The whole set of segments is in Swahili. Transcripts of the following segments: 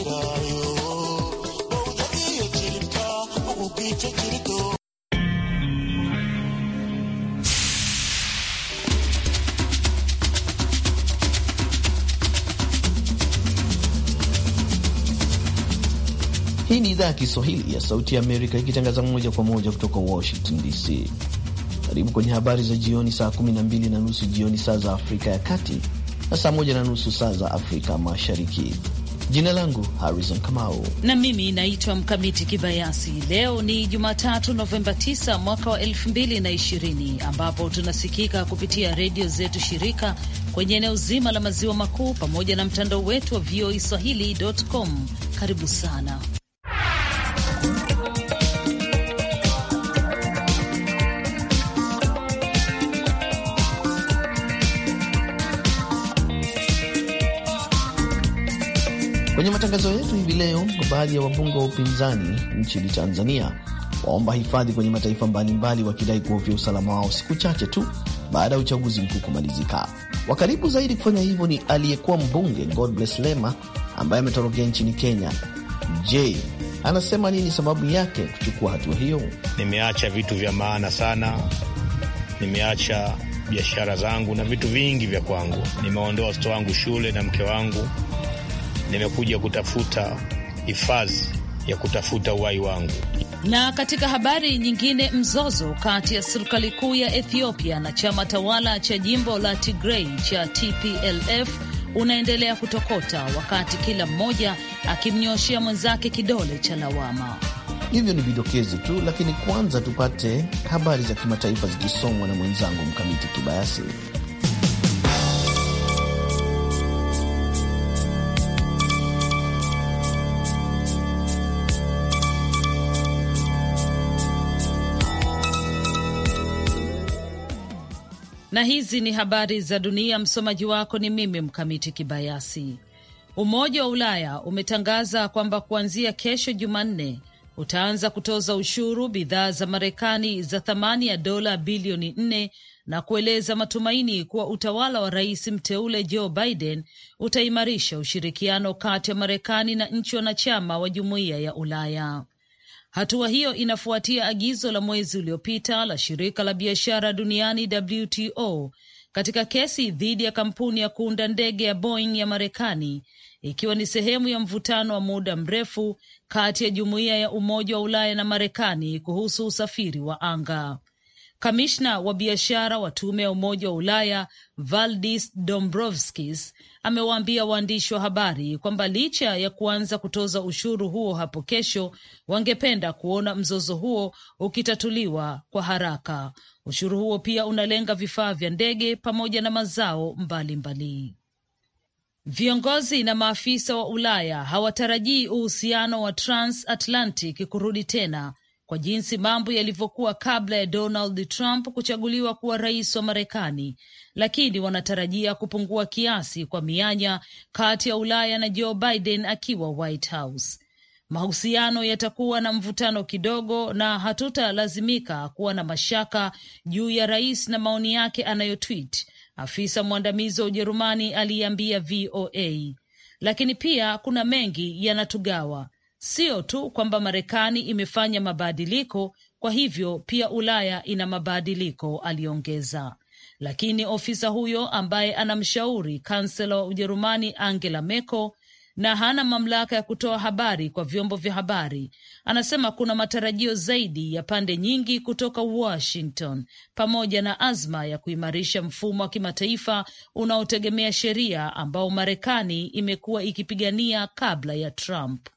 Hii ni idhaa ya Kiswahili ya Sauti ya Amerika ikitangaza moja kwa moja kutoka Washington DC. Karibu kwenye habari za jioni, saa 12 na nusu jioni saa za Afrika ya Kati na saa 1 na nusu saa za Afrika Mashariki. Jina langu Harrison Kamau na mimi naitwa Mkamiti Kibayasi. Leo ni Jumatatu, Novemba 9 mwaka wa 2020 ambapo tunasikika kupitia redio zetu shirika kwenye eneo zima la maziwa makuu pamoja na mtandao wetu wa voa e swahilicom Karibu sana. Kwenye matangazo yetu hivi leo, baadhi ya wabunge wa upinzani nchini Tanzania waomba hifadhi kwenye mataifa mbalimbali, wakidai kuhofia usalama wao siku chache tu baada ya uchaguzi mkuu kumalizika. Wa karibu zaidi kufanya hivyo ni aliyekuwa mbunge Godbless Lema ambaye ametorokea nchini Kenya. Je, anasema nini sababu yake kuchukua hatua hiyo? Nimeacha vitu vya maana sana, nimeacha biashara zangu na vitu vingi vya kwangu, nimeondoa watoto wangu shule na mke wangu nimekuja kutafuta hifadhi ya kutafuta uhai wangu. Na katika habari nyingine, mzozo kati ya serikali kuu ya Ethiopia na chama tawala cha jimbo la tigrei cha TPLF unaendelea kutokota, wakati kila mmoja akimnyoshea mwenzake kidole cha lawama. Hivyo ni vidokezi tu, lakini kwanza tupate habari za kimataifa zikisomwa na mwenzangu Mkamiti Kibayasi. na hizi ni habari za dunia. Msomaji wako ni mimi Mkamiti Kibayasi. Umoja wa Ulaya umetangaza kwamba kuanzia kesho Jumanne utaanza kutoza ushuru bidhaa za Marekani za thamani ya dola bilioni nne na kueleza matumaini kuwa utawala wa rais mteule Joe Biden utaimarisha ushirikiano kati ya Marekani na nchi wanachama wa jumuiya ya Ulaya. Hatua hiyo inafuatia agizo la mwezi uliopita la shirika la biashara duniani WTO katika kesi dhidi ya kampuni ya kuunda ndege ya Boeing ya Marekani, ikiwa ni sehemu ya mvutano wa muda mrefu kati ya jumuiya ya Umoja wa Ulaya na Marekani kuhusu usafiri wa anga. Kamishna wa biashara wa tume ya Umoja wa Ulaya Valdis Dombrovskis amewaambia waandishi wa habari kwamba licha ya kuanza kutoza ushuru huo hapo kesho, wangependa kuona mzozo huo ukitatuliwa kwa haraka. Ushuru huo pia unalenga vifaa vya ndege pamoja na mazao mbalimbali mbali. Viongozi na maafisa wa Ulaya hawatarajii uhusiano wa transatlantic kurudi tena kwa jinsi mambo yalivyokuwa kabla ya Donald Trump kuchaguliwa kuwa rais wa Marekani, lakini wanatarajia kupungua kiasi kwa mianya kati ya Ulaya na Joe Biden akiwa White House. Mahusiano yatakuwa na mvutano kidogo, na hatutalazimika kuwa na mashaka juu ya rais na maoni yake anayotweet, afisa mwandamizi wa Ujerumani aliyeambia VOA. Lakini pia kuna mengi yanatugawa Sio tu kwamba Marekani imefanya mabadiliko, kwa hivyo pia Ulaya ina mabadiliko, aliongeza. Lakini ofisa huyo ambaye anamshauri kansela wa Ujerumani Angela Merkel na hana mamlaka ya kutoa habari kwa vyombo vya habari, anasema kuna matarajio zaidi ya pande nyingi kutoka Washington, pamoja na azma ya kuimarisha mfumo wa kimataifa unaotegemea sheria ambao Marekani imekuwa ikipigania kabla ya Trump.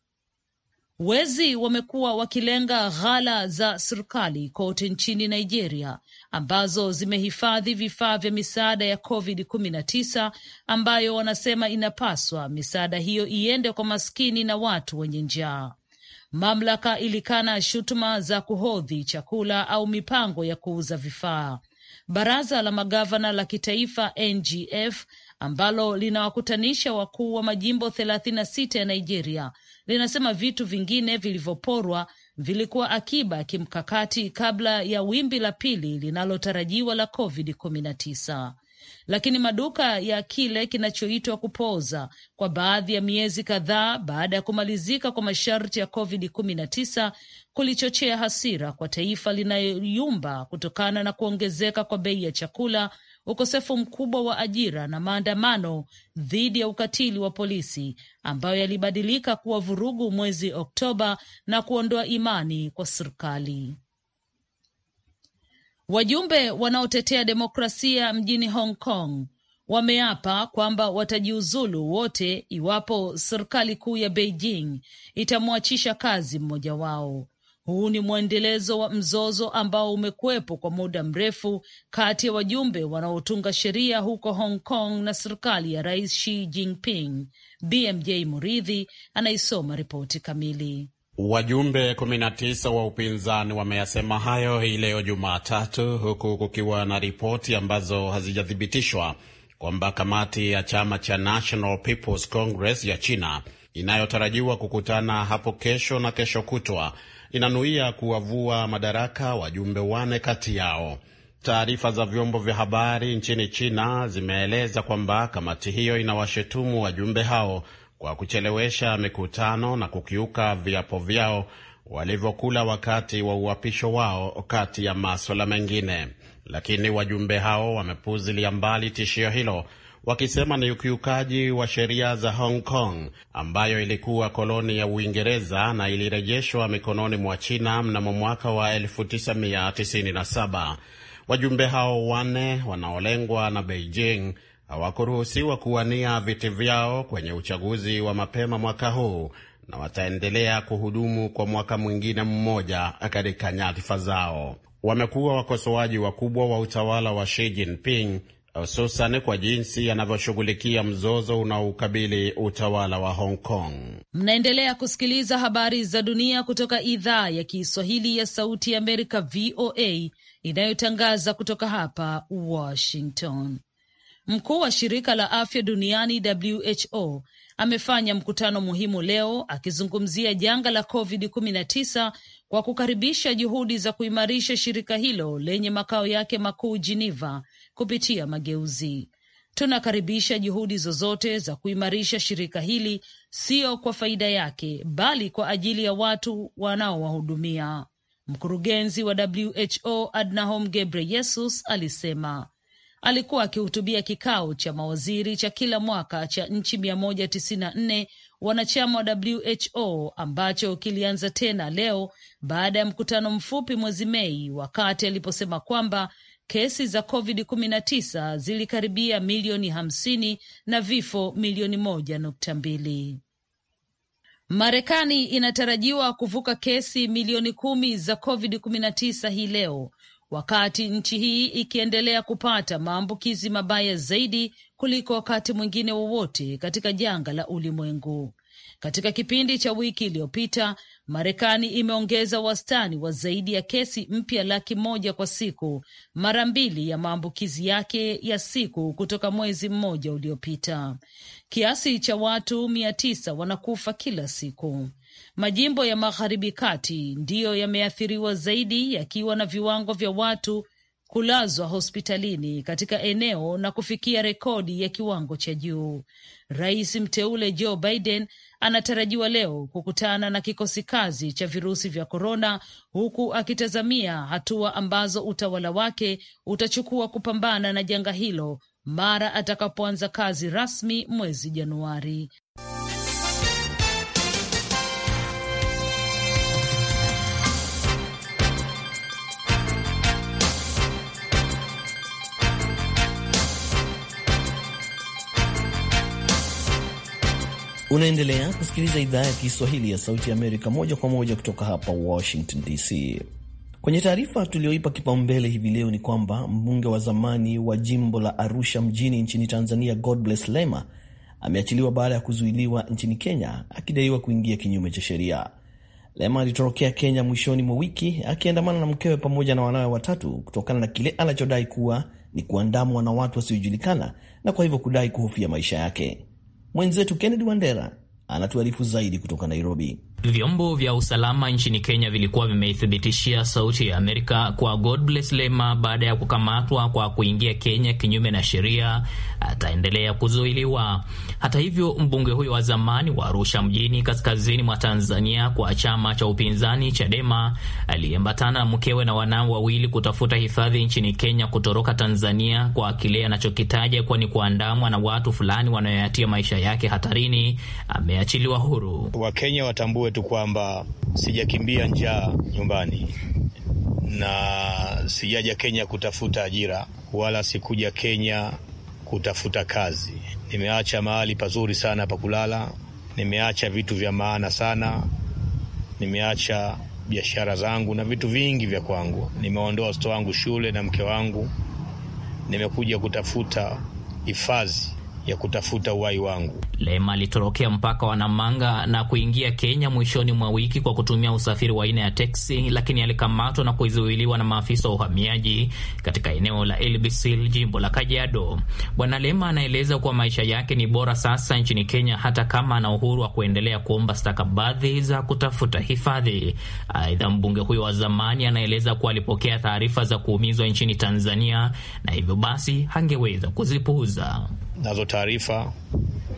Wezi wamekuwa wakilenga ghala za serikali kote nchini Nigeria ambazo zimehifadhi vifaa vya misaada ya COVID-19 ambayo wanasema inapaswa misaada hiyo iende kwa maskini na watu wenye njaa. Mamlaka ilikana shutuma za kuhodhi chakula au mipango ya kuuza vifaa. Baraza la magavana la kitaifa NGF ambalo linawakutanisha wakuu wa majimbo thelathini na sita ya Nigeria linasema vitu vingine vilivyoporwa vilikuwa akiba ya kimkakati kabla ya wimbi la pili linalotarajiwa la COVID-19. Lakini maduka ya kile kinachoitwa kupooza kwa baadhi ya miezi kadhaa baada ya kumalizika kwa masharti ya COVID-19 kulichochea hasira kwa taifa linayoyumba kutokana na kuongezeka kwa bei ya chakula ukosefu mkubwa wa ajira na maandamano dhidi ya ukatili wa polisi ambayo yalibadilika kuwa vurugu mwezi Oktoba na kuondoa imani kwa serikali. Wajumbe wanaotetea demokrasia mjini Hong Kong wameapa kwamba watajiuzulu wote iwapo serikali kuu ya Beijing itamwachisha kazi mmoja wao. Huu ni mwendelezo wa mzozo ambao umekuwepo kwa muda mrefu kati ya wajumbe wanaotunga sheria huko Hong Kong na serikali ya Rais Xi Jinping. BMJ Muridhi anaisoma ripoti kamili. Wajumbe 19 wa upinzani wameyasema hayo hii leo Jumatatu, huku kukiwa na ripoti ambazo hazijathibitishwa kwamba kamati ya chama cha National People's Congress ya China inayotarajiwa kukutana hapo kesho na kesho kutwa inanuia kuwavua madaraka wajumbe wane kati yao. Taarifa za vyombo vya habari nchini China zimeeleza kwamba kamati hiyo inawashutumu wajumbe hao kwa kuchelewesha mikutano na kukiuka viapo vyao walivyokula wakati wa uapisho wao, kati ya maswala mengine. Lakini wajumbe hao wamepuzilia mbali tishio hilo wakisema ni ukiukaji wa sheria za Hong Kong ambayo ilikuwa koloni ya Uingereza na ilirejeshwa mikononi mwa China mnamo mwaka wa 1997. Wajumbe hao wanne wanaolengwa na Beijing hawakuruhusiwa kuwania viti vyao kwenye uchaguzi wa mapema mwaka huu na wataendelea kuhudumu kwa mwaka mwingine mmoja katika nyadhifa zao. Wamekuwa wakosoaji wakubwa wa utawala wa Xi Jinping hususan kwa jinsi yanavyoshughulikia mzozo unaoukabili utawala wa Hong Kong. Mnaendelea kusikiliza habari za dunia kutoka idhaa ya Kiswahili ya Sauti ya Amerika, VOA, inayotangaza kutoka hapa Washington. Mkuu wa shirika la afya duniani WHO amefanya mkutano muhimu leo akizungumzia janga la COVID-19 kwa kukaribisha juhudi za kuimarisha shirika hilo lenye makao yake makuu Geneva kupitia mageuzi. Tunakaribisha juhudi zozote za kuimarisha shirika hili, sio kwa faida yake, bali kwa ajili ya watu wanaowahudumia. Mkurugenzi wa WHO Adnahom yesus alisema alikuwa akihutubia kikao cha mawaziri cha kila mwaka cha nchi 194 wanachama wa WHO ambacho kilianza tena leo baada ya mkutano mfupi mwezi Mei, wakati aliposema kwamba kesi za COVID-19 zilikaribia milioni hamsini na vifo milioni moja nukta mbili. Marekani inatarajiwa kuvuka kesi milioni kumi za COVID-19 hii leo wakati nchi hii ikiendelea kupata maambukizi mabaya zaidi kuliko wakati mwingine wowote katika janga la ulimwengu. Katika kipindi cha wiki iliyopita, Marekani imeongeza wastani wa zaidi ya kesi mpya laki moja kwa siku, mara mbili ya maambukizi yake ya siku kutoka mwezi mmoja uliopita. Kiasi cha watu mia tisa wanakufa kila siku. Majimbo ya magharibi kati ndiyo yameathiriwa zaidi, yakiwa na viwango vya watu kulazwa hospitalini katika eneo na kufikia rekodi ya kiwango cha juu. Rais mteule Joe Biden anatarajiwa leo kukutana na kikosi kazi cha virusi vya korona, huku akitazamia hatua ambazo utawala wake utachukua kupambana na janga hilo mara atakapoanza kazi rasmi mwezi Januari. Unaendelea kusikiliza idhaa ya Kiswahili ya Sauti ya Amerika moja kwa moja kutoka hapa Washington DC. Kwenye taarifa tuliyoipa kipaumbele hivi leo ni kwamba mbunge wa zamani wa jimbo la Arusha mjini nchini Tanzania, Godbless Lema ameachiliwa baada ya kuzuiliwa nchini Kenya akidaiwa kuingia kinyume cha sheria. Lema alitorokea Kenya mwishoni mwa wiki akiandamana na mkewe pamoja na wanawe watatu kutokana na kile anachodai kuwa ni kuandamwa na watu wasiojulikana na kwa hivyo kudai kuhofia maisha yake. Mwenzetu Kennedy Wandera anatuarifu zaidi kutoka Nairobi. Vyombo vya usalama nchini Kenya vilikuwa vimeithibitishia Sauti ya Amerika kwa Godbless Lema baada ya kukamatwa kwa kuingia Kenya kinyume na sheria, ataendelea kuzuiliwa. Hata hivyo, mbunge huyo wa zamani wa Arusha mjini kaskazini mwa Tanzania kwa chama cha upinzani Chadema aliyeambatana na mkewe na wanao wawili kutafuta hifadhi nchini Kenya kutoroka Tanzania kwa kile anachokitaja kuwa ni kuandamwa na watu fulani wanayoyatia maisha yake hatarini ame ameachiliwa huru. Wakenya watambue tu kwamba sijakimbia njaa nyumbani na sijaja Kenya kutafuta ajira wala sikuja Kenya kutafuta kazi. Nimeacha mahali pazuri sana pa kulala, nimeacha vitu vya maana sana, nimeacha biashara zangu na vitu vingi vya kwangu. Nimeondoa watoto wangu shule na mke wangu, nimekuja kutafuta hifadhi ya kutafuta uhai wangu. Lema alitorokea mpaka wa Namanga na kuingia Kenya mwishoni mwa wiki kwa kutumia usafiri wa aina ya teksi, lakini alikamatwa na kuzuiliwa na maafisa wa uhamiaji katika eneo la Ilbisil, jimbo la Kajiado. Bwana Lema anaeleza kuwa maisha yake ni bora sasa nchini Kenya, hata kama ana uhuru wa kuendelea kuomba stakabadhi za kutafuta hifadhi. Aidha, mbunge huyo wa zamani anaeleza kuwa alipokea taarifa za kuumizwa nchini Tanzania na hivyo basi hangeweza kuzipuuza nazo taarifa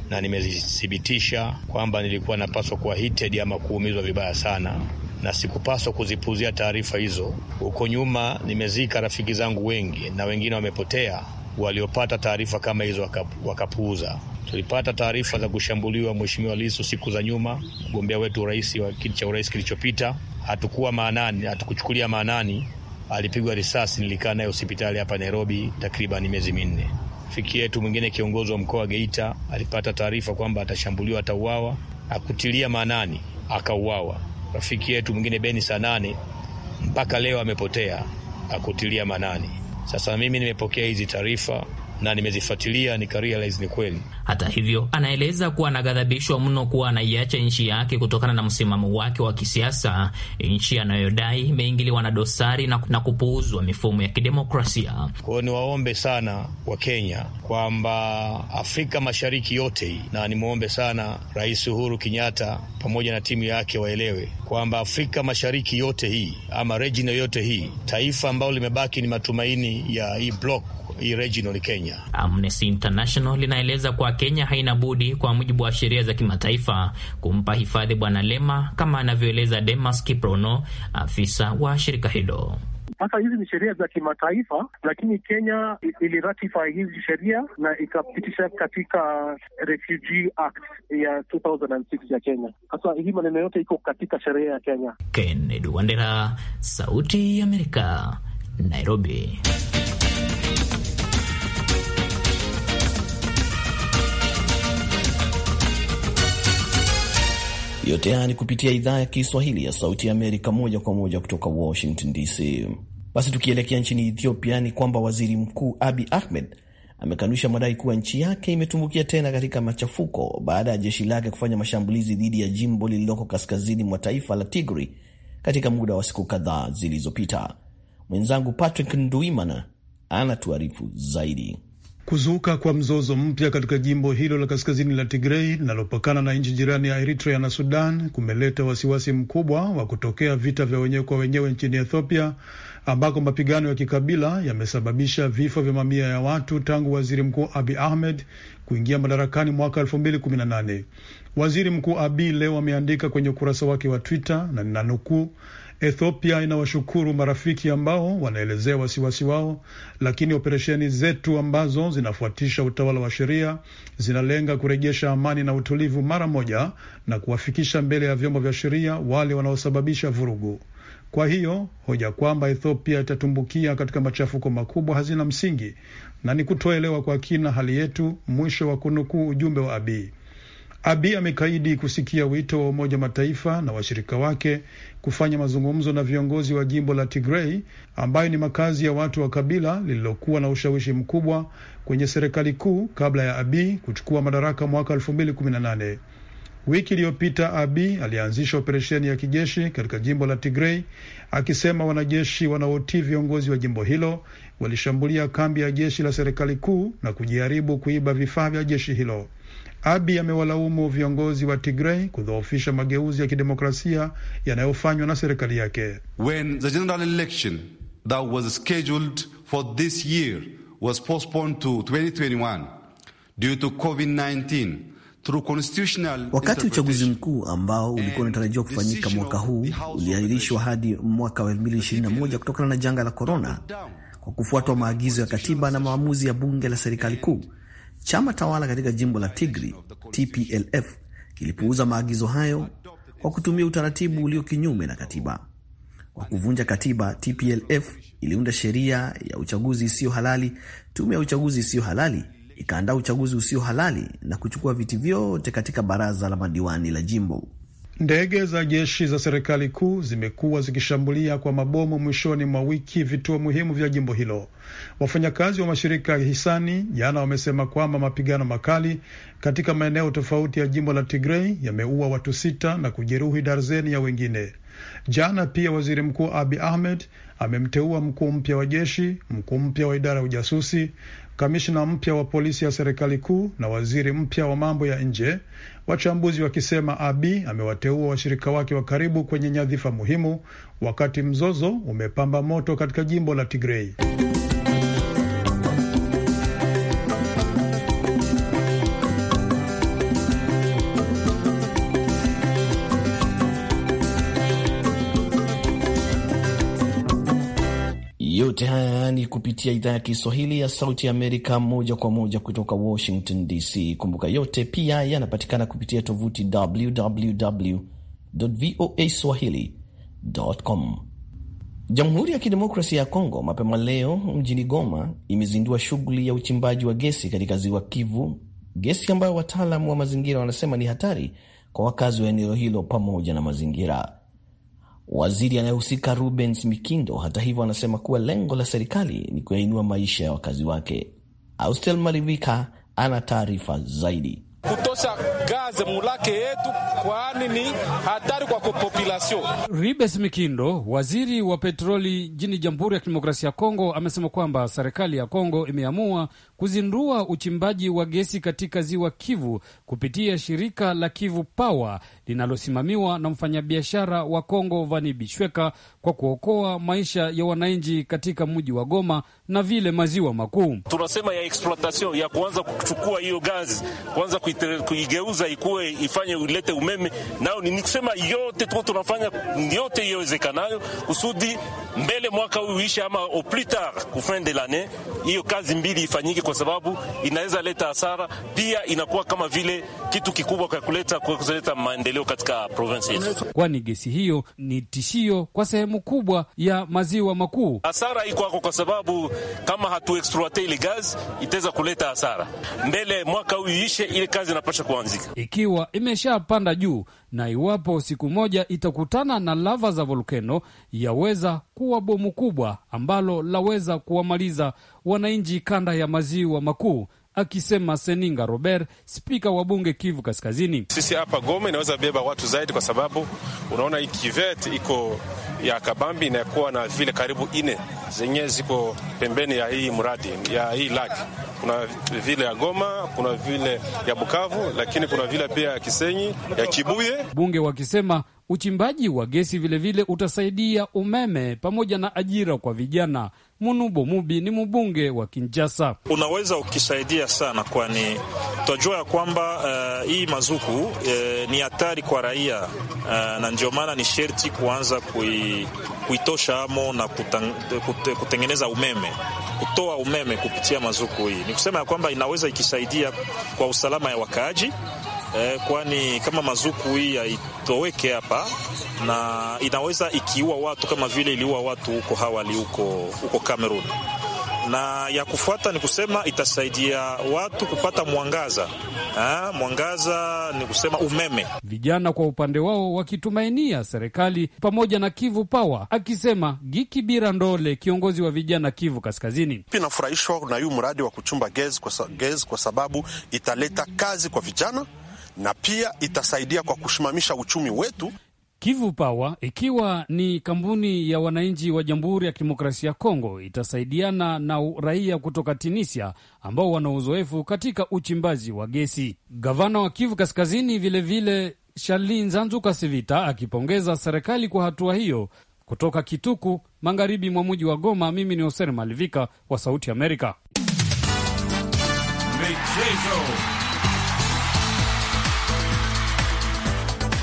na nimezithibitisha kwamba nilikuwa napaswa kuwa hited ama kuumizwa vibaya sana na sikupaswa kuzipuzia taarifa hizo. Huko nyuma nimezika rafiki zangu wengi na wengine wamepotea, waliopata taarifa kama hizo wakapuuza. Tulipata taarifa za kushambuliwa Mheshimiwa Lisu siku za nyuma, mgombea wetu urais wa kiti cha urais kilichopita. Hatukuwa maanani, hatukuchukulia maanani. Alipigwa risasi, nilikaa naye hospitali hapa Nairobi takriban miezi minne. Rafiki yetu mwingine kiongozi wa mkoa wa Geita alipata taarifa kwamba atashambuliwa, atauawa, akutilia maanani, akauawa. Rafiki yetu mwingine Beni Sanane mpaka leo amepotea, akutilia maanani. Sasa mimi nimepokea hizi taarifa na nimezifuatilia nikarealize ni kweli. Hata hivyo, anaeleza kuwa anaghadhabishwa mno kuwa anaiacha nchi yake kutokana na msimamo wake wa kisiasa, nchi anayodai imeingiliwa na dosari na, na kupuuzwa mifumo ya kidemokrasia. Kwa niwaombe sana Wakenya kwamba Afrika Mashariki yote hii, na nimwombe sana Rais Uhuru Kenyatta pamoja na timu yake waelewe kwamba Afrika Mashariki yote hii ama region yote hii, taifa ambalo limebaki ni matumaini ya hii block regionally Kenya. Amnesty International linaeleza kuwa Kenya haina budi kwa mujibu wa sheria za kimataifa kumpa hifadhi Bwana Lema kama anavyoeleza Demas Kiprono, afisa wa shirika hilo. Sasa hizi ni sheria za kimataifa, lakini Kenya iliratify hizi sheria na ikapitisha katika Refugee Act ya 2006 ya Kenya. Sasa hii maneno yote iko katika sheria ya Kenya. Kennedy Wandera, Sauti ya Amerika, Nairobi. Yote haya ni kupitia idhaa ya Kiswahili ya Sauti ya Amerika, moja kwa moja kutoka Washington DC. Basi tukielekea nchini Ethiopia, ni kwamba waziri mkuu Abi Ahmed amekanusha madai kuwa nchi yake imetumbukia tena katika machafuko baada ya jeshi lake kufanya mashambulizi dhidi ya jimbo lililoko kaskazini mwa taifa la tigri katika muda wa siku kadhaa zilizopita. Mwenzangu Patrick Nduimana anatuarifu zaidi. Kuzuka kwa mzozo mpya katika jimbo hilo la kaskazini la Tigrei linalopakana na nchi jirani ya Eritrea na Sudan kumeleta wasiwasi mkubwa wa kutokea vita vya wenyewe kwa wenyewe nchini Ethiopia ambako mapigano ya kikabila yamesababisha vifo vya mamia ya watu tangu waziri mkuu Abi Ahmed kuingia madarakani mwaka 2018. Waziri Mkuu Abi leo ameandika kwenye ukurasa wake wa Twitter na ninanukuu, Ethiopia inawashukuru marafiki ambao wanaelezea wasiwasi wao, lakini operesheni zetu ambazo zinafuatisha utawala wa sheria zinalenga kurejesha amani na utulivu mara moja na kuwafikisha mbele ya vyombo vya sheria wale wanaosababisha vurugu. Kwa hiyo hoja kwamba Ethiopia itatumbukia katika machafuko makubwa hazina msingi na ni kutoelewa kwa kina hali yetu, mwisho wa kunukuu ujumbe wa Abii. Abi amekaidi kusikia wito wa Umoja Mataifa na washirika wake kufanya mazungumzo na viongozi wa jimbo la Tigrei ambayo ni makazi ya watu wa kabila lililokuwa na ushawishi mkubwa kwenye serikali kuu kabla ya Abi kuchukua madaraka mwaka 2018. Wiki iliyopita Abi alianzisha operesheni ya kijeshi katika jimbo la Tigrei akisema wanajeshi wanaotii viongozi wa jimbo hilo walishambulia kambi ya jeshi la serikali kuu na kujaribu kuiba vifaa vya jeshi hilo. Abi amewalaumu viongozi wa Tigrei kudhoofisha mageuzi ya kidemokrasia yanayofanywa na serikali yake. When the general election that was scheduled for this year was postponed to 2021 due to COVID-19 Wakati uchaguzi mkuu ambao ulikuwa unatarajiwa kufanyika mwaka huu uliahirishwa hadi mwaka wa 2021 kutokana na janga la korona, kwa kufuatwa maagizo ya katiba na maamuzi ya bunge la serikali kuu Chama tawala katika jimbo la Tigri, TPLF, kilipuuza maagizo hayo kwa kutumia utaratibu ulio kinyume na katiba. Kwa kuvunja katiba, TPLF iliunda sheria ya uchaguzi isiyo halali, tume ya uchaguzi isiyo halali ikaandaa uchaguzi usio halali na kuchukua viti vyote katika baraza la madiwani la jimbo. Ndege za jeshi za serikali kuu zimekuwa zikishambulia kwa mabomu mwishoni mwa wiki vituo muhimu vya jimbo hilo. Wafanyakazi wa mashirika ya hisani jana wamesema kwamba mapigano makali katika maeneo tofauti ya jimbo la Tigrei yameua watu sita na kujeruhi darzeni ya wengine. Jana pia waziri mkuu Abi Ahmed amemteua mkuu mpya wa jeshi, mkuu mpya wa idara ya ujasusi, kamishna mpya wa polisi ya serikali kuu na waziri mpya wa mambo ya nje, wachambuzi wakisema Abi amewateua washirika wake wa karibu kwenye nyadhifa muhimu, wakati mzozo umepamba moto katika jimbo la Tigrei. Yote haya ni kupitia idhaa ya Kiswahili ya Sauti ya Amerika, moja kwa moja kutoka Washington DC. Kumbuka yote pia yanapatikana kupitia tovuti www voa swahili.com. Jamhuri ya Kidemokrasia ya Kongo mapema leo mjini Goma imezindua shughuli ya uchimbaji wa gesi katika ziwa Kivu, gesi ambayo wataalamu wa mazingira wanasema ni hatari kwa wakazi wa eneo hilo pamoja na mazingira. Waziri anayehusika Rubens Mikindo, hata hivyo, anasema kuwa lengo la serikali ni kuyainua maisha ya wakazi wake. Austel Malivika ana taarifa zaidi kutosha gaze mulake yetu kwani ni hatari kwa population. Ribes Mikindo, waziri wa petroli nchini Jamhuri ya Kidemokrasia ya Kongo, amesema kwamba serikali ya Kongo imeamua kuzindua uchimbaji wa gesi katika ziwa Kivu kupitia shirika la Kivu Power linalosimamiwa na mfanyabiashara wa Kongo Vani Bishweka kwa kuokoa maisha ya wananchi katika mji wa Goma na vile maziwa makuu. Tunasema ya exploitation ya kuanza kuchukua hiyo gazi, kuanza kuigeuza ikuwe ifanye ulete umeme, nao ni kusema yote tuko tunafanya yote iyowezekanayo kusudi mbele mwaka huu uishe ama au plus tard de l'annee hiyo kazi mbili ifanyike kwa sababu inaweza leta hasara, pia inakuwa kama vile kitu kikubwa kwa kuleta kwa kuleta maendeleo katika province yetu, kwani gesi hiyo ni tishio kwa sehemu kubwa ya maziwa makuu. Hasara iko hapo, kwa sababu kama hatu exploite ile gas itaweza kuleta hasara mbele mwaka huu ishe, ile kazi inapasha kuanzika ikiwa imeshapanda juu na iwapo siku moja itakutana na lava za volkeno yaweza kuwa bomu kubwa ambalo laweza kuwamaliza wananchi kanda ya maziwa makuu akisema Seninga Robert, spika wa bunge Kivu Kaskazini. Sisi hapa Goma inaweza beba watu zaidi, kwa sababu unaona hii kivet iko ya kabambi inakuwa na vile karibu ine zenye ziko pembeni ya hii mradi ya hii laki. Kuna vile ya Goma, kuna vile ya Bukavu, lakini kuna vile pia ya Kisenyi, ya Kibuye. Bunge wakisema Uchimbaji wa gesi vilevile utasaidia umeme pamoja na ajira kwa vijana. Munubo Mubi ni mbunge wa Kinjasa. Unaweza ukisaidia sana, kwani tunajua ya kwamba uh, hii mazuku uh, ni hatari kwa raia uh, na ndio maana ni sherti kuanza kui, kuitosha amo na kutang, kut, kutengeneza umeme, kutoa umeme kupitia mazuku hii. Ni kusema ya kwamba inaweza ikisaidia kwa usalama ya wakaaji eh, kwani kama mazuku hii haitoweke hapa na inaweza ikiua watu kama vile iliua watu huko hawali huko huko Cameroon. Na ya kufuata ni kusema itasaidia watu kupata mwangaza ha, mwangaza ni kusema umeme. Vijana kwa upande wao wakitumainia serikali pamoja na Kivu Power, akisema Giki Bira Ndole, kiongozi wa vijana Kivu Kaskazini. Pia nafurahishwa na huu mradi wa kuchumba gezi kwa, kwa sababu italeta kazi kwa vijana na pia itasaidia kwa kusimamisha uchumi wetu. Kivu Pawa ikiwa ni kampuni ya wananchi wa Jamhuri ya Kidemokrasia ya Kongo itasaidiana na raia kutoka Tunisia ambao wana uzoefu katika uchimbaji wa gesi. Gavana wa Kivu Kaskazini vilevile Sharli Nzanzu Kasivita akipongeza serikali kwa hatua hiyo. Kutoka Kituku, magharibi mwa mji wa Goma, mimi ni Hoser Malivika wa Sauti Amerika. Michezo.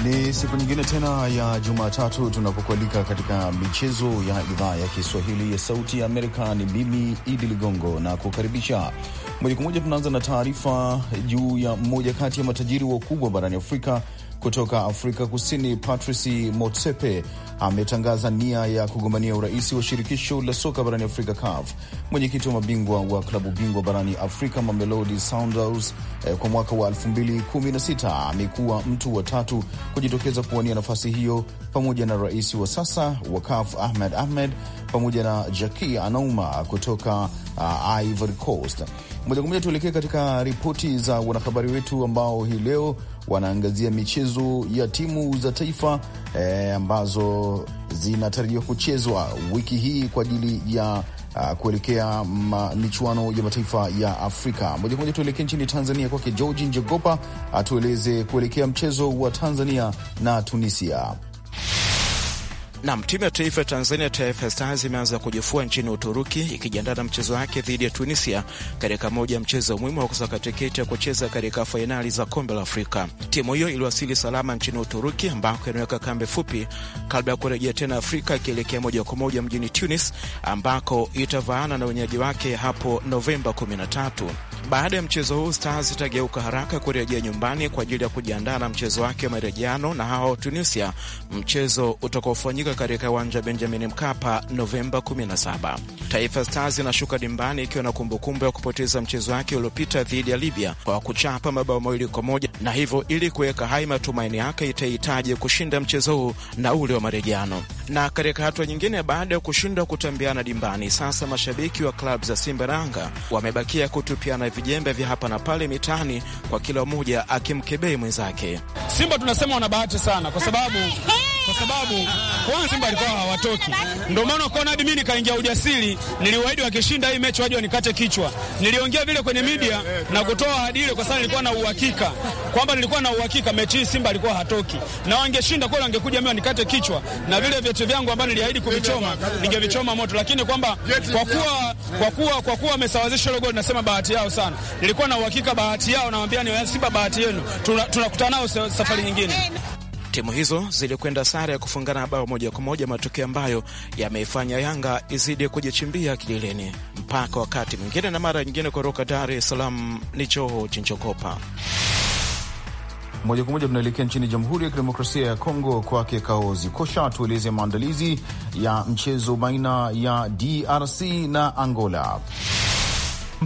Ni siku nyingine tena ya Jumatatu tunapokualika katika michezo ya idhaa ya Kiswahili ya Sauti ya Amerika. Ni mimi Idi Ligongo na kukaribisha moja kwa moja. Tunaanza na taarifa juu ya mmoja kati ya matajiri wakubwa barani Afrika kutoka Afrika Kusini, Patrice Motsepe ametangaza nia ya kugombania urais wa shirikisho la soka barani Afrika, CAF. Mwenyekiti wa mabingwa wa klabu bingwa barani Afrika Mamelodi Sundowns eh, kwa mwaka wa 2016 amekuwa mtu wa tatu kujitokeza kuwania nafasi hiyo pamoja na rais wa sasa wa CAF Ahmed Ahmed pamoja na jaki anauma kutoka uh, Ivory Coast. Moja kwa moja tuelekee katika ripoti za wanahabari wetu ambao hii leo wanaangazia michezo ya timu za taifa e, ambazo zinatarajiwa kuchezwa wiki hii kwa ajili ya Uh, kuelekea michuano ya mataifa ya Afrika. Moja kwa moja tuelekee nchini Tanzania kwake georgi Njogopa atueleze kuelekea mchezo wa Tanzania na Tunisia. Nam, timu ya taifa ya Tanzania, Taifa Stars, imeanza kujifua nchini Uturuki ikijiandaa na mchezo wake dhidi ya Tunisia katika moja ya mchezo muhimu wa kusaka tiketi ya kucheza katika fainali za kombe la Afrika. Timu hiyo iliwasili salama nchini Uturuki ambako inaweka kambi fupi kabla ya kurejea tena Afrika ikielekea moja kwa moja mjini Tunis ambako itavaana na wenyeji wake hapo Novemba 13. Baada ya mchezo huu Stars itageuka haraka kurejea nyumbani kwa ajili ya kujiandaa na mchezo wake wa marejeano na hawa wa Tunisia, mchezo utakaofanyika katika uwanja wa Benjamin Mkapa Novemba 17. Taifa Stars inashuka dimbani ikiwa na kumbukumbu ya kupoteza mchezo wake uliopita dhidi ya Libya kwa kuchapa mabao mawili kwa moja, na hivyo ili kuweka hai matumaini yake itahitaji kushinda mchezo huu na ule wa marejeano. Na katika hatua nyingine, baada ya kushindwa kutambiana dimbani, sasa mashabiki wa klabu za Simba na Yanga wamebakia kutupiana vijembe vya hapa na pale mitaani, kwa kila mmoja akimkebei mwenzake. Simba tunasema wana bahati sana kwa sababu kwa sababu kwanza Simba alikuwa hawatoki, ndio maana ukaona hadi mimi nikaingia ujasiri, niliwaahidi wakishinda hii mechi waje wanikate kichwa. Niliongea vile kwenye media na kutoa ahadi ile, kwa sababu nilikuwa na uhakika kwamba nilikuwa na uhakika mechi hii Simba alikuwa hatoki, na wangeshinda kwa wangekuja mimi wanikate kichwa, na vile vyetu vyangu ambavyo niliahidi kuvichoma ningevichoma moto, lakini kwamba kwa kuwa kwa kuwa kwa kuwa wamesawazisha logo, nasema bahati yao sana. Nilikuwa na uhakika bahati yao, nawaambia ni Simba bahati yenu, tunakutana tuna nao safari nyingine. Timu hizo zilikwenda sare ya kufungana bao moja kwa moja, matokeo ambayo yameifanya Yanga izidi kujichimbia kileleni mpaka wakati mwingine na mara nyingine. Kutoka Dar es Salaam ni choho Chinchokopa. Moja kwa moja tunaelekea nchini Jamhuri ya Kidemokrasia ya Kongo, kwake Kaozi Kosha, tueleze maandalizi ya mchezo baina ya DRC na Angola.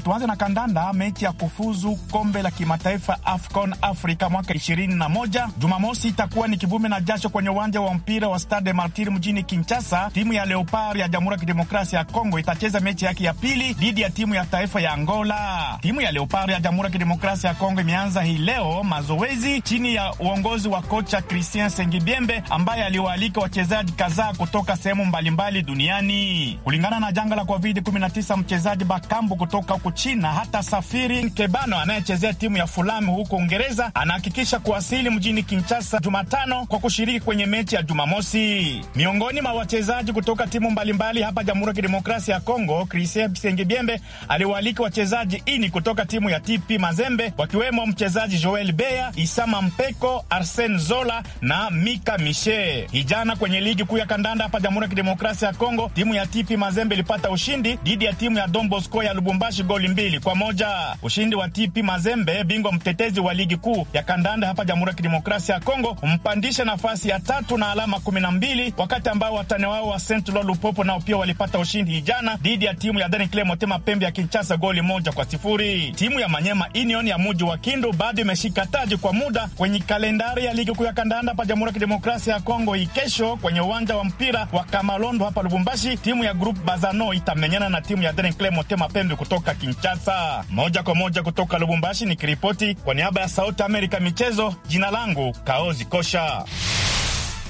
Tuanze na kandanda. Mechi ya kufuzu kombe la kimataifa AFCON Africa mwaka 21 Jumamosi itakuwa ni kivume na jasho kwenye uwanja wa mpira wa Stade Martir mjini Kinshasa. Timu ya Leopard ya Jamhuri ya Kidemokrasia ya Kongo itacheza mechi yake ya pili dhidi ya timu ya taifa ya Angola. Timu ya Leopard ya Jamhuri ya Kidemokrasia ya Kongo imeanza hii leo mazoezi chini ya uongozi wa kocha Christian Sengibiembe ambaye aliwaalika wachezaji kadhaa kutoka sehemu mbalimbali duniani. Kulingana na janga la COVID-19, mchezaji Bakambu kutoka kuchina China hata safiri. Kebano anayechezea timu ya fulamu huko Uingereza anahakikisha kuwasili mjini Kinshasa Jumatano kwa kushiriki kwenye mechi ya Jumamosi. Miongoni mwa wachezaji kutoka timu mbalimbali hapa Jamhuri ya Kidemokrasia ya Kongo, Christian Biembe aliwaalika wachezaji ini kutoka timu ya TP Mazembe wakiwemo mchezaji Joel Bea, Isama Mpeko, Arsen Zola na Mika Mishe. Hijana kwenye ligi kuu ya kandanda hapa Jamhuri ya Kidemokrasia ya Kongo, timu ya TP Mazembe ilipata ushindi dhidi ya timu ya Dombosco ya Lubumbashi goli mbili kwa moja. Ushindi wa TP Mazembe, bingwa mtetezi wa ligi kuu ya kandanda hapa Jamhuri ya Kidemokrasia ya Kongo, umpandisha nafasi ya tatu na alama mbili, wakati ambao watani wao wa Central Lupopo nao pia walipata ushindi hijana dhidi ya timu ya Daring Club Motema Pembe ya kinchasa goli moja kwa sifuri. Timu ya Manyema Union ya muji wa Kindu bado imeshika taji kwa muda kwenye kalendari ya ligi kuu ya kandanda hapa Jamhuri ya Kidemokrasia ya Kongo. Ikesho kwenye uwanja wa mpira wa Kamalondo hapa Lubumbashi, timu ya Grup Bazano itamenyana na timu ya Daring Club Motema Pembe kutoka Kinshasa. Moja kwa moja kutoka Lubumbashi ni kiripoti kwa niaba ya Sauti Amerika michezo. Jina langu Kaozi Kosha.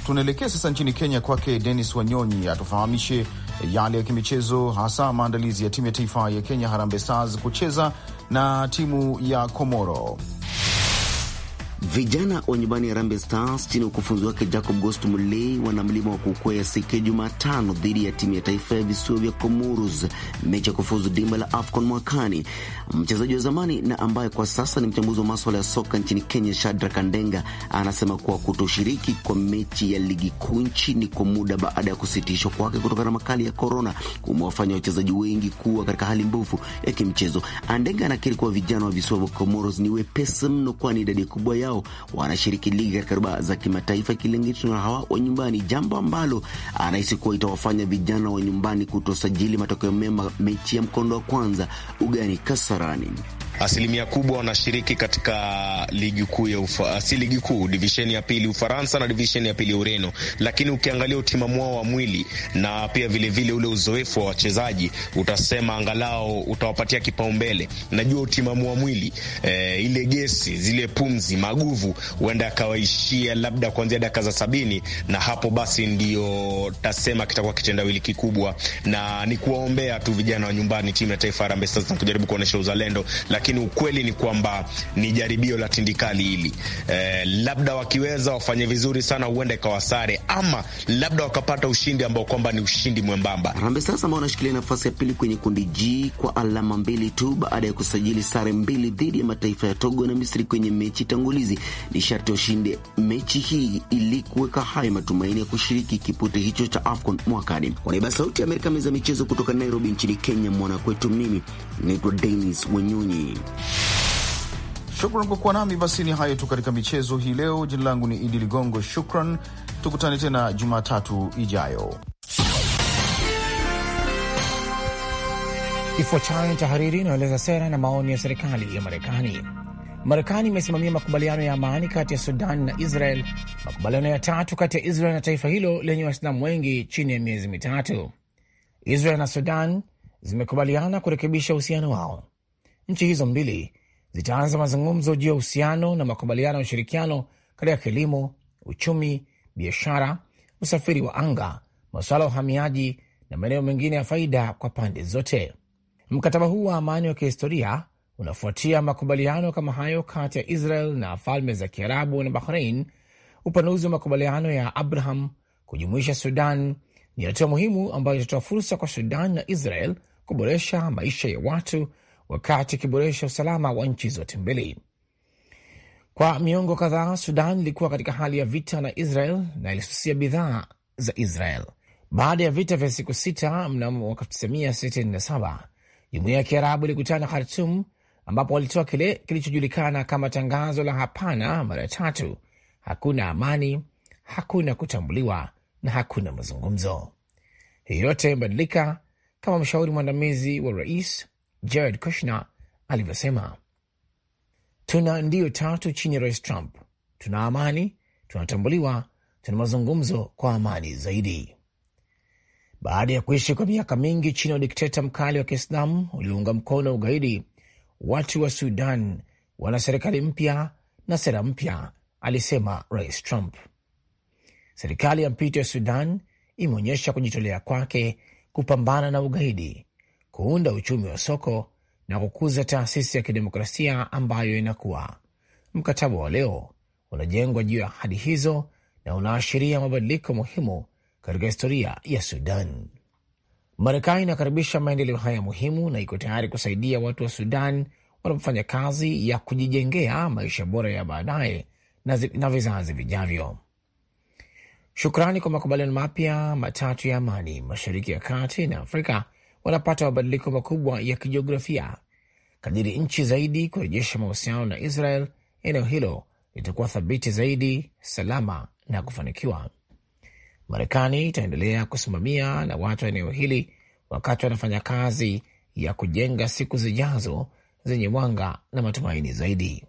Tunaelekea sasa nchini Kenya, kwake Denis Wanyonyi atufahamishe yale ya kimichezo, hasa maandalizi ya timu ya taifa ya Kenya Harambee Stars kucheza na timu ya Komoro. Vijana wa nyumbani ya Rambe Stars chini ya ukufunzi wake Jacob Ghost Mulee wana mlima wa kukwea siku ya Jumatano dhidi ya timu ya taifa ya visiwa vya Comoros, mechi ya kufuzu dimba la AFCON mwakani. Mchezaji wa zamani na ambaye kwa sasa ni mchambuzi wa maswala ya soka nchini Kenya, Shadra Kandenga, anasema kuwa kutoshiriki kwa mechi ya ligi kuu nchini kwa muda baada ya kusitishwa kwake kutokana na makali ya korona kumewafanya wachezaji wengi kuwa katika hali mbovu ya kimchezo. Andenga anakiri kuwa vijana wa visiwa vya Comoros ni wepesi mno, kwani idadi kubwa ya yao wanashiriki ligi katika ruba za kimataifa ikilinganishwa na hawa wa nyumbani, jambo ambalo anahisi kuwa itawafanya vijana wa nyumbani kutosajili matokeo mema mechi ya mkondo wa kwanza ugani Kasarani asilimia kubwa wanashiriki katika ligi kuu ya ufa, si ligi kuu, divisheni ya pili Ufaransa na divisheni ya pili Ureno, lakini ukiangalia utimamu wao wa mwili na pia vile vile ule uzoefu wa wachezaji utasema angalau utawapatia kipaumbele. Najua utimamu wa mwili e, ile gesi zile pumzi maguvu huenda akawaishia labda kuanzia dakika za sabini, na hapo basi ndio tasema kitakuwa kitendawili kikubwa, na ni kuwaombea tu vijana wa nyumbani, timu ya taifa Harambee Stars na kujaribu kuonyesha uzalendo lakini lakini ukweli ni kwamba ni jaribio la tindikali hili. Eh, labda wakiweza wafanye vizuri sana, huenda ikawa sare ama labda wakapata ushindi ambao kwamba ni ushindi mwembamba. Harambee sasa ambao wanashikilia nafasi ya pili kwenye kundi G kwa alama mbili tu baada ya kusajili sare mbili dhidi ya mataifa ya Togo na Misri kwenye mechi tangulizi. Ni sharti washinde mechi hii ili kuweka hai matumaini ya kushiriki kipute hicho cha AFCON mwakani. Kwa niaba ya Sauti ya Amerika, meza michezo kutoka Nairobi nchini Kenya, mwanakwetu, mimi naitwa Denis Wenyunyi. Shukran kwa kuwa nami. Basi ni hayo tu katika michezo hii leo. Jina langu ni Idi Ligongo, shukran. Tukutane tena Jumatatu ijayo. Kifuatayo ni tahariri inayoeleza sera na maoni ya serikali ya Marekani. Marekani imesimamia makubaliano ya amani kati ya Sudan na Israel, makubaliano ya tatu kati ya Israel na taifa hilo lenye Waislamu wengi chini ya miezi mitatu. Israel na Sudan zimekubaliana kurekebisha uhusiano wao nchi hizo mbili zitaanza mazungumzo juu ya uhusiano na makubaliano ya ushirikiano katika kilimo, uchumi, biashara, usafiri wa anga, masuala ya uhamiaji na maeneo mengine ya faida kwa pande zote. Mkataba huu wa amani wa kihistoria unafuatia makubaliano kama hayo kati ya Israel na Falme za Kiarabu na Bahrain. Upanuzi wa makubaliano ya Abraham kujumuisha Sudan ni hatua muhimu ambayo itatoa fursa kwa Sudan na Israel kuboresha maisha ya watu wakati ikiboresha usalama wa nchi zote mbili. Kwa miongo kadhaa, Sudan ilikuwa katika hali ya vita na Israel na ilisusia bidhaa za Israel. Baada ya vita vya siku sita mnamo 1967 jumuiya ya Kiarabu ilikutana Khartum, ambapo walitoa kile kilichojulikana kama tangazo la hapana mara tatu: hakuna amani, hakuna kutambuliwa na hakuna mazungumzo. Hiyo yote imebadilika kama mshauri mwandamizi wa rais Jared Kushner alivyosema, tuna ndio tatu chini ya rais Trump. Tuna amani, tunatambuliwa, tuna mazungumzo kwa amani zaidi. Baada ya kuishi kwa miaka mingi chini ya udikteta mkali wa Kiislamu uliounga mkono ugaidi, watu wa Sudan wana serikali mpya na sera mpya, alisema rais Trump. Serikali ya mpito ya Sudan imeonyesha kujitolea kwake kupambana na ugaidi kuunda uchumi wa soko na kukuza taasisi ya kidemokrasia ambayo inakuwa. Mkataba wa leo unajengwa juu ya ahadi hizo na unaashiria mabadiliko muhimu katika historia ya Sudan. Marekani inakaribisha maendeleo haya muhimu na iko tayari kusaidia watu wa Sudan wanapofanya kazi ya kujijengea maisha bora ya baadaye na, na vizazi vijavyo. Shukrani kwa makubaliano mapya matatu ya amani mashariki ya kati na Afrika wanapata mabadiliko makubwa ya kijiografia. Kadiri nchi zaidi kurejesha mahusiano na Israel, eneo hilo litakuwa thabiti zaidi, salama na kufanikiwa. Marekani itaendelea kusimamia na watu wa eneo hili wakati wanafanya kazi ya kujenga siku zijazo zenye mwanga na matumaini zaidi.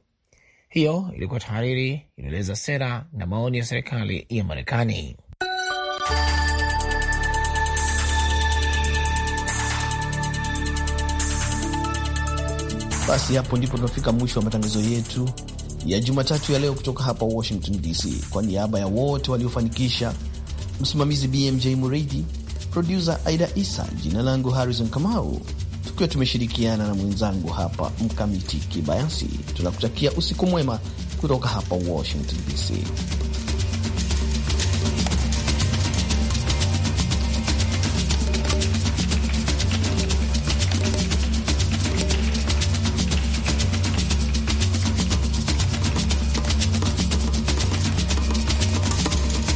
Hiyo ilikuwa tahariri, inaeleza sera na maoni ya serikali ya Marekani. Basi hapo ndipo tunafika mwisho wa matangazo yetu ya Jumatatu ya leo kutoka hapa Washington DC. Kwa niaba ya wote waliofanikisha, msimamizi BMJ Muridi, produsa Aida Isa, jina langu Harrison Kamau, tukiwa tumeshirikiana na mwenzangu hapa Mkamiti Kibayasi, tunakutakia usiku mwema kutoka hapa Washington DC.